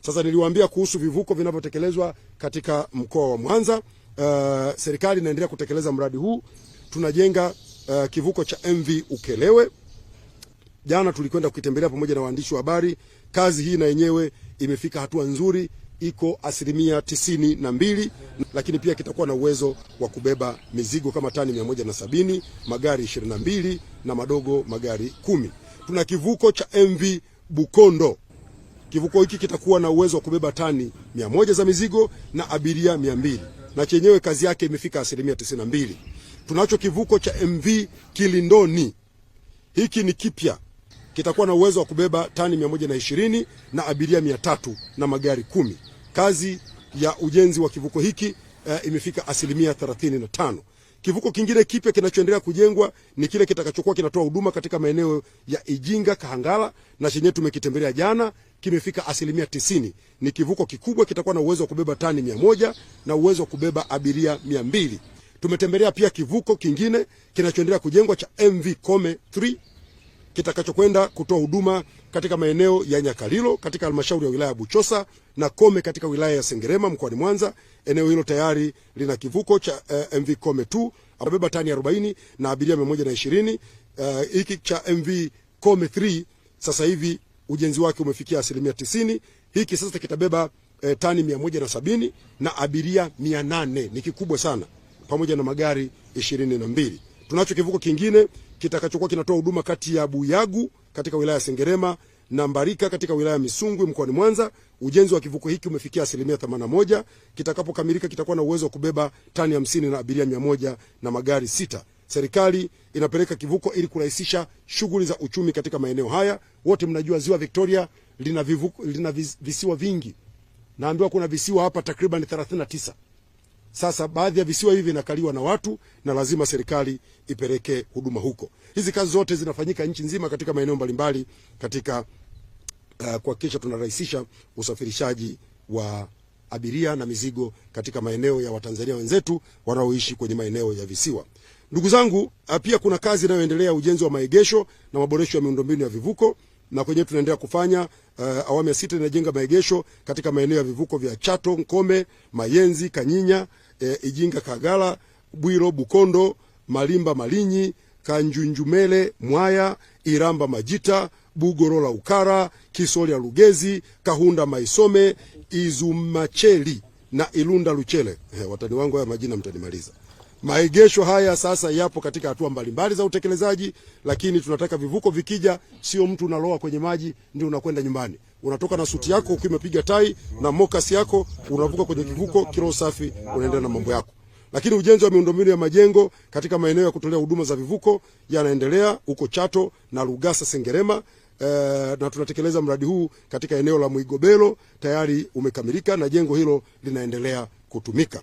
Sasa niliwaambia kuhusu vivuko vinavyotekelezwa katika mkoa wa Mwanza. Uh, serikali inaendelea kutekeleza mradi huu. Tunajenga uh, kivuko cha MV Ukelewe. Jana tulikwenda kukitembelea pamoja na waandishi wa habari. Kazi hii na yenyewe imefika hatua nzuri, iko asilimia tisini na mbili, lakini pia kitakuwa na uwezo wa kubeba mizigo kama tani mia moja na sabini, magari ishirini na mbili na madogo magari kumi. Tuna kivuko cha MV Bukondo Kivuko hiki kitakuwa na uwezo wa kubeba tani mia moja za mizigo na abiria mia mbili na chenyewe kazi yake imefika asilimia tisini na mbili. Tunacho kivuko cha MV Kilindoni, hiki ni kipya, kitakuwa na uwezo wa kubeba tani mia moja na ishirini na abiria mia tatu na magari kumi. Kazi ya ujenzi wa kivuko hiki uh, imefika asilimia thelathini na tano. Kivuko kingine kipya kinachoendelea kujengwa ni kile kitakachokuwa kinatoa huduma katika maeneo ya Ijinga, Kahangala na chenyewe tumekitembelea jana, kimefika asilimia tisini. Ni kivuko kikubwa, kitakuwa na uwezo wa kubeba tani mia moja na uwezo wa kubeba abiria mia mbili. Tumetembelea pia kivuko kingine kinachoendelea kujengwa cha MV Kome 3 kitakachokwenda kutoa huduma katika maeneo ya Nyakalilo katika halmashauri ya wilaya ya Buchosa na Kome katika wilaya ya Sengerema mkoani Mwanza. Eneo hilo tayari lina kivuko cha uh, eh, MV Kome 2 amebeba tani 40 na abiria 120. Eh, hiki uh, cha MV Kome 3 sasa hivi ujenzi wake umefikia asilimia 90. Hiki sasa kitabeba uh, tani 170 na abiria 800. Ni kikubwa sana pamoja na magari 22. Tunacho kivuko kingine kitakachokuwa kinatoa huduma kati ya Buyagu katika wilaya ya Sengerema na Mbarika katika wilaya ya Misungwi mkoani Mwanza. Ujenzi wa kivuko hiki umefikia asilimia 81. Kitakapokamilika kitakuwa na uwezo wa kubeba tani 50 na abiria 100 na magari sita. Serikali inapeleka kivuko ili kurahisisha shughuli za uchumi katika maeneo haya. Wote mnajua ziwa Victoria lina, vivuko, lina visiwa vingi, naambiwa kuna visiwa hapa takriban 39. Sasa baadhi ya visiwa hivi vinakaliwa na watu na lazima serikali ipeleke huduma huko. Hizi kazi zote zinafanyika nchi nzima katika maeneo mbalimbali katika uh, kuhakikisha tunarahisisha usafirishaji wa abiria na mizigo katika maeneo ya Watanzania wenzetu wanaoishi kwenye maeneo ya visiwa. Ndugu zangu, eh, pia kuna kazi inayoendelea, ujenzi wa maegesho na maboresho ya miundombinu ya vivuko na kwenyewe tunaendelea kufanya uh, awamu ya sita inajenga maegesho katika maeneo ya vivuko vya Chato, Nkome, Mayenzi, Kanyinya, eh, Ijinga, Kagala, Bwiro, Bukondo, Malimba, Malinyi, Kanjunjumele, Mwaya, Iramba, Majita, Bugorola, Ukara, kisoria Lugezi, Kahunda, Maisome, Izumacheli na Ilunda Luchele. Eh, watani wangu haya majina mtanimaliza. Maegesho haya sasa yapo katika hatua mbalimbali za utekelezaji, lakini tunataka vivuko vikija, sio mtu unaloa kwenye maji ndio unakwenda nyumbani. Unatoka na suti yako ukiwa umepiga tai na mokasi yako, unavuka kwenye kivuko, kiro safi, unaendelea na mambo yako. Lakini ujenzi wa miundombinu ya majengo katika maeneo ya kutolea huduma za vivuko yanaendelea huko Chato na Lugasa Sengerema. Uh, na tunatekeleza mradi huu katika eneo la Mwigobelo tayari umekamilika na jengo hilo linaendelea kutumika.